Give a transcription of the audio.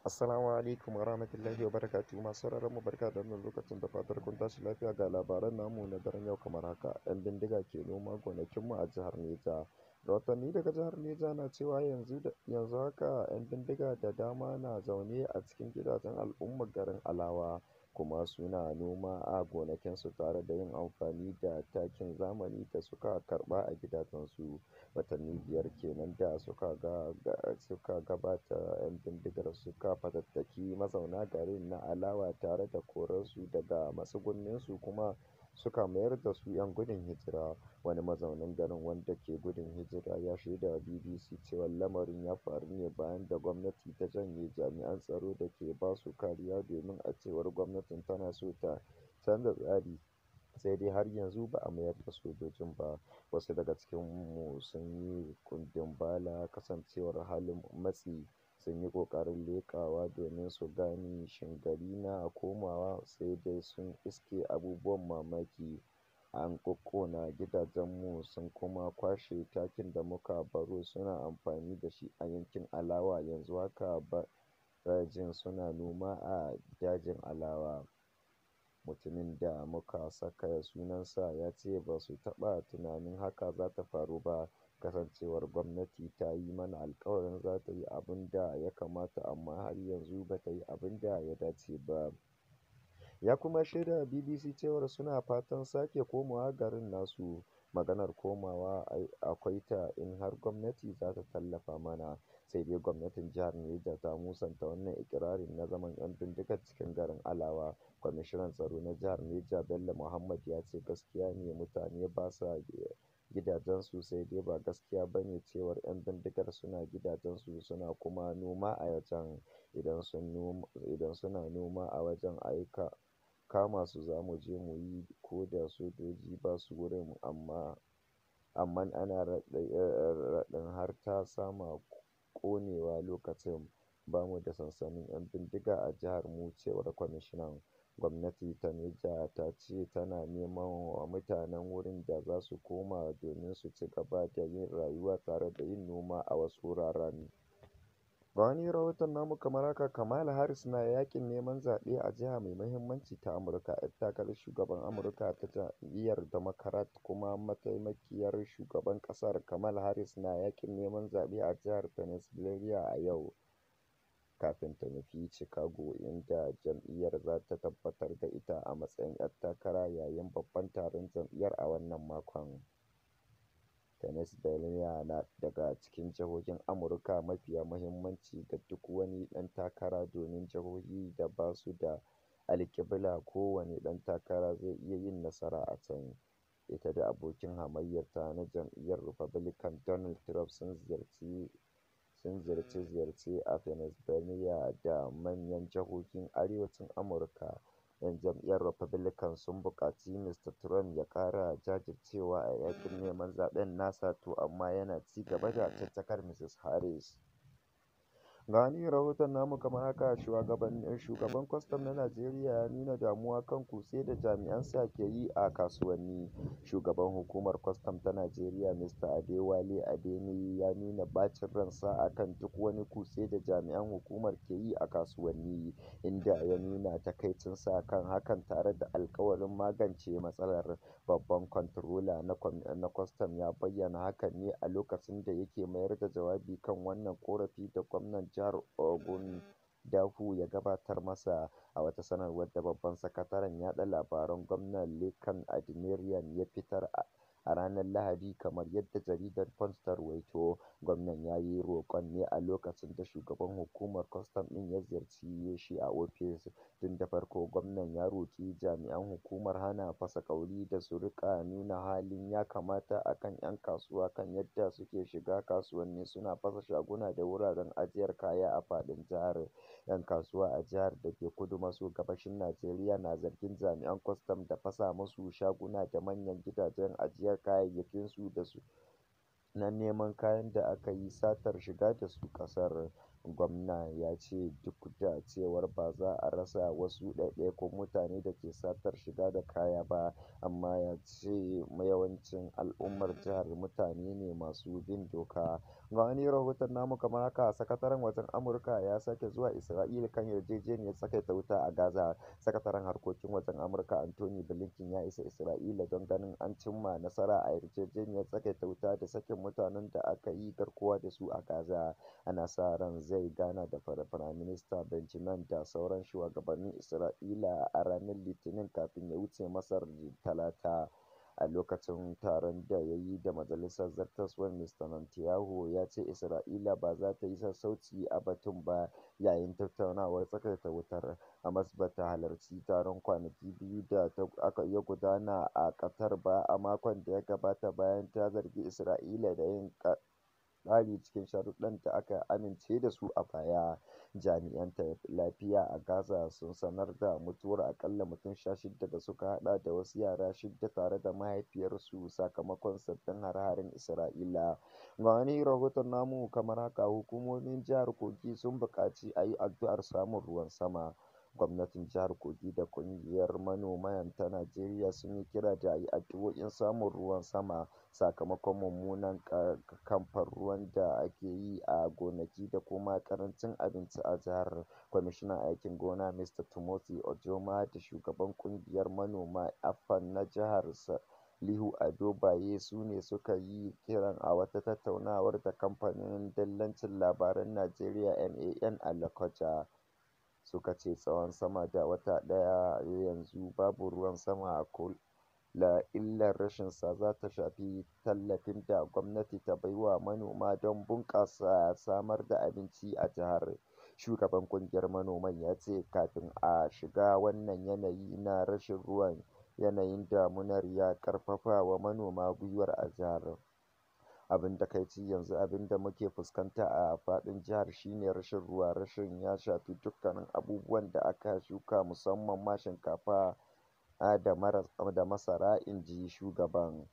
Assalamu alaikum wa rahmatullahi wa barakatu masu sauraron mu barka da wannan lokacin da fatar kun tashi lafiya ga labaran namu na daren yau kamar haka yan bindiga ke noma gonakin mu a jihar Neja rahotanni daga jihar Neja na cewa yanzu yanzu haka yan bindiga da dama na zaune a cikin gidajen al'ummar garin Alawa kuma suna noma a gonakinsu tare da yin amfani da takin zamani da suka karɓa a gidajen su Watanni biyar kenan da suka ga suka gabata 'yan bindigar suka fatattaki mazauna garin na Alawa tare da korarsu daga su kuma. suka mayar da su 'yan gudun hijira. Wani mazaunin garin wanda ke gudun hijira ya shaidawa BBC cewa lamarin ya faru ne bayan da gwamnati ta janye jami'an tsaro da ke ba su kariya domin a cewar gwamnatin tana so ta canza tsari, sai dai har yanzu ba a mayar da sojojin ba. Wasu daga cikinmu sun yi kundin bala kasancewar halin matsi. sun yi ƙoƙarin leƙawa domin su gane shin gari na komawa, sai dai sun iske abubuwan mamaki: an ƙoƙƙona gidajenmu sun kuma kwashe takin da muka baro suna amfani da shi a yankin Alawa yanzu haka Ɓarayin suna noma a dajin Alawa. mutumin da muka saka sunansa ya ce ba su taɓa tunanin haka za ta faru ba, kasancewar gwamnati ta yi mana alkawarin za ta yi abin da ya kamata amma har yanzu ba ta yi abin da ya dace ba. Ya kuma shaida BBC cewar suna fatan sake komawa garin nasu. Maganar komawa akwai ta in har gwamnati za ta tallafa mana. sai dai gwamnatin jihar Niger ta musanta wannan ikirarin na zaman 'yan bindigar cikin garin Alawa. Kwamishinan Tsaro na Jihar Niger Bello Muhammad ya ce gaskiya ne mutane ba sa gidajen su. sai dai ba gaskiya bane ne cewar 'yan bindigar suna gidajen su suna kuma noma a wajen idan sun idan suna noma a wajen aika kama su za mu je mu yi ko da sojoji ba su wurin amma amma ana raɗin har ta sama ƙonewa lokacin ba mu da sansanin 'yan bindiga a jihar mu cewar kwamishinan. Gwamnati ta Niger ta ce tana neman wa mutanen wurin da za su koma domin su ci gaba da yin rayuwa tare da yin noma a wasu wuraren. Wani rahoton namu kamar haka: Kamala Harris na yaƙin neman zaɓe a jiha mai muhimmanci ta Amurka, 'yar takarar shugaban Amurka ta jam'iyyar Democrat kuma mataimakiyar shugaban ƙasar, Kamala Harris na yakin neman zaɓe a jihar Pennsylvania a yau kafin ta nufi Chicago, inda jam'iyyar za ta tabbatar da ita a matsayin 'yar takara yayin babban taron jam'iyyar a wannan makon. Tennessee na daga cikin jihohin Amurka mafiya muhimmanci ga duk wani ɗan takara domin jihohi da ba su da alƙibla kowane ɗan takara zai iya yin nasara a can, ita da abokin hamayyar ta na jam'iyyar Republican Donald Trump sun ziyarci ziyarce-ziyarce a Pennsylvania da manyan jihohin Arewacin Amurka. 'Yan jam'iyyar Republican sun buƙaci Mr. Trump ya ƙara jajircewa a yaƙin neman zaɓen nasa to amma yana ci gaba da caccakar Mrs. Harris. Ga wani rahoton namu kamar haka: Shugaban Kwastam na Najeriya ya nuna damuwa kan kutse da jami'ansa ke yi a kasuwanni. Shugaban Hukumar Kwastam ta Najeriya, Mr. Adewale Adeniyi, ya nuna bacin ransa a kan duk wani kutse da jami'an hukumar ke yi a kasuwanni, inda ya nuna takaicinsa kan hakan tare da alkawarin magance matsalar. Babban Kwantirola na Kwastam ya bayyana hakan ne a lokacin da yake mayar da jawabi kan wannan korafi da Gwamnan jihar Ogun dahu ya gabatar masa, a wata sanarwar da Babban Sakataren Yaɗa Labaran Gwamnan lekan admirian ya fitar. a. a ranar Lahadi kamar yadda jaridar Punch ta ruwaito. Gwamnan ya yi roƙon ne a lokacin da shugaban hukumar kwastam ɗin ya ziyarci shi a ofis. Tun da farko gwamnan ya roƙi jami'an hukumar hana fasa ƙauri da su riƙa nuna halin ya-kamata a kan 'yan kasuwa kan yadda suke shiga kasuwanni suna fasa shaguna da wuraren ajiyar kaya a faɗin jihar. 'Yan kasuwa a jihar da ke kudu-maso-gabashin Najeriya na zargin jami'an kwastam da fasa musu shaguna da manyan gidajen ajiyar kayayyakinsu kayayyakin su da su na neman kayan da aka yi satar shiga da su ƙasar. Gwamna ya ce duk da cewar ba za a rasa wasu ɗaiɗaikun mutane da ke satar shiga da kaya ba, amma ya ce yawancin al'ummar jihar mutane ne masu bin doka. Ga wani rahoton namu kamar haka, Sakataren Wajen Amurka ya sake zuwa Isra'ila kan yarjejeniyar tsakaita wuta a Gaza. Sakataren Harkokin Wajen Amurka Antony Blinken ya isa Isra'ila don ganin an cimma nasara a yarjejeniyar ta wuta da sakin mutanen da aka yi garkuwa da su a Gaza. Ana sa ran zai gana da Firaminista Benjamin da sauran shugabannin Isra'ila a ranar Litinin kafin ya wuce Masar Talata. a lokacin taron da ya yi da majalisar zartaswan Mista Netanyahu ya ce Isra'ila ba za ta yi sassauci a batun ba yayin tattaunawar ta wutar. Hamas ba ta halarci taron kwanaki biyu da aka ya gudana a Qatar ba a makon da ya gabata bayan ta zargi Isra'ila da yin tsari cikin sharuɗɗan da aka amince da su a baya. Jami'an lafiya a Gaza sun sanar da mutuwar akalla mutum shidda da suka haɗa da wasu yara shidda tare da mahaifiyarsu sakamakon sabbin hare-haren Isra'ila. wani rahoton namu kamar haka, hukumomin jihar Kogi sun buƙaci a yi addu'ar samun ruwan sama. Gwamnatin Jihar Kogi da Ƙungiyar manoma ta Najeriya sun yi kira da a yi addu'o'in samun ruwan sama sakamakon mummunan kamfan ruwan da ake yi a gonaki da kuma karancin abinci a jihar. Kwamishinan aikin gona Mr. Timothy Ojoma da shugaban ƙungiyar manoma AFAN na jihar Salihu Ado Baye su ne suka yi kiran a wata tattaunawar da kamfanin dillancin labaran Najeriya NAN a Lokoja. suka ce tsawon sama da wata ɗaya yanzu babu ruwan sama a kula illar rashinsa za ta shafi tallafin da gwamnati ta bai wa manoma don bunƙasa samar da abinci a jihar shugaban ƙungiyar manoman ya ce kafin a shiga wannan yanayi na rashin ruwan yanayin damunar ya ƙarfafa wa manoma gwiwar a jihar Abin takaici yanzu abin da muke fuskanta a faɗin jihar shine rashin ruwa. Rashin ya shafi dukkanin abubuwan da aka shuka musamman ma shinkafa ah, da masara, in ji shugaban.